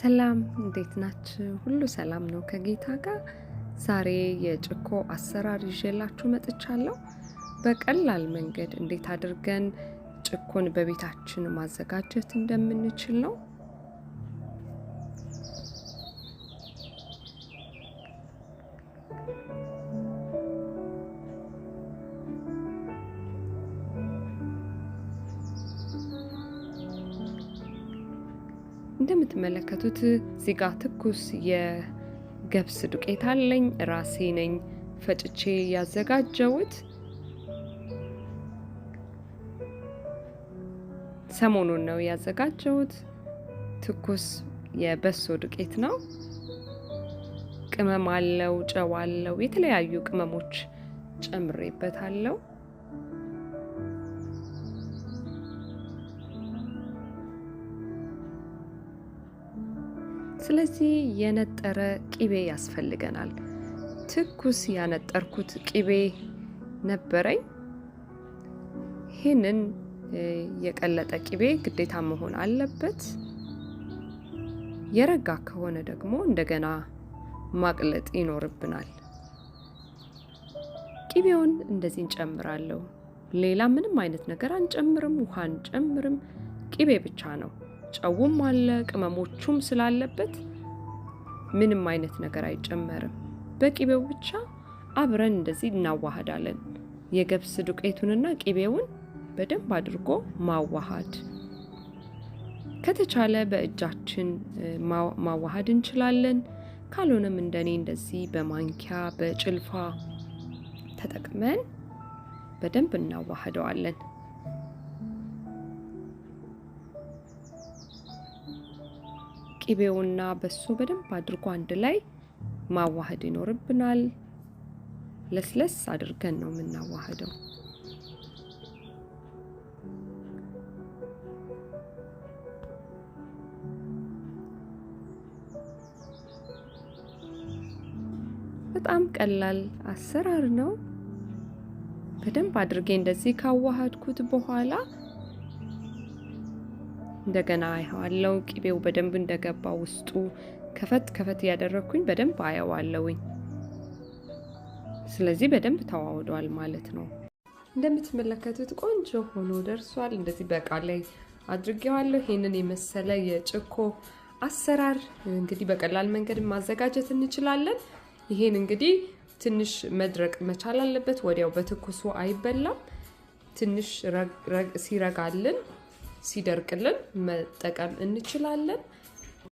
ሰላም እንዴት ናችሁ? ሁሉ ሰላም ነው ከጌታ ጋር። ዛሬ የጭኮ አሰራር ይዤላችሁ መጥቻለሁ። በቀላል መንገድ እንዴት አድርገን ጭኮን በቤታችን ማዘጋጀት እንደምንችል ነው። እንደምትመለከቱት እዚህ ጋር ትኩስ የገብስ ዱቄት አለኝ። ራሴ ነኝ ፈጭቼ ያዘጋጀሁት። ሰሞኑን ነው ያዘጋጀሁት። ትኩስ የበሶ ዱቄት ነው። ቅመም አለው፣ ጨው አለው፣ የተለያዩ ቅመሞች ጨምሬበታለሁ። ስለዚህ የነጠረ ቂቤ ያስፈልገናል። ትኩስ ያነጠርኩት ቂቤ ነበረኝ። ይህንን የቀለጠ ቂቤ ግዴታ መሆን አለበት። የረጋ ከሆነ ደግሞ እንደገና ማቅለጥ ይኖርብናል። ቂቤውን እንደዚህ እንጨምራለሁ። ሌላ ምንም አይነት ነገር አንጨምርም፣ ውሃ አንጨምርም። ቂቤ ብቻ ነው። ጨውም አለ ቅመሞቹም ስላለበት ምንም አይነት ነገር አይጨመርም። በቂቤው ብቻ አብረን እንደዚህ እናዋሃዳለን። የገብስ ዱቄቱንና ቂቤውን በደንብ አድርጎ ማዋሃድ ከተቻለ በእጃችን ማዋሃድ እንችላለን። ካልሆነም እንደኔ እንደዚህ በማንኪያ በጭልፋ ተጠቅመን በደንብ እናዋህደዋለን። ቅቤውና በሱ በደንብ አድርጎ አንድ ላይ ማዋህድ ይኖርብናል። ለስለስ አድርገን ነው የምናዋህደው። በጣም ቀላል አሰራር ነው። በደንብ አድርጌ እንደዚህ ካዋሃድኩት በኋላ እንደገና አየዋለው። ቅቤው በደንብ እንደገባ ውስጡ ከፈት ከፈት እያደረግኩኝ በደንብ አየዋለውኝ። ስለዚህ በደንብ ተዋውዷል ማለት ነው። እንደምትመለከቱት ቆንጆ ሆኖ ደርሷል። እንደዚህ በቃ ላይ አድርጌዋለሁ። ይህንን የመሰለ የጭኮ አሰራር እንግዲህ በቀላል መንገድ ማዘጋጀት እንችላለን። ይሄን እንግዲህ ትንሽ መድረቅ መቻል አለበት። ወዲያው በትኩሱ አይበላም። ትንሽ ሲረጋልን ሲደርቅልን መጠቀም እንችላለን።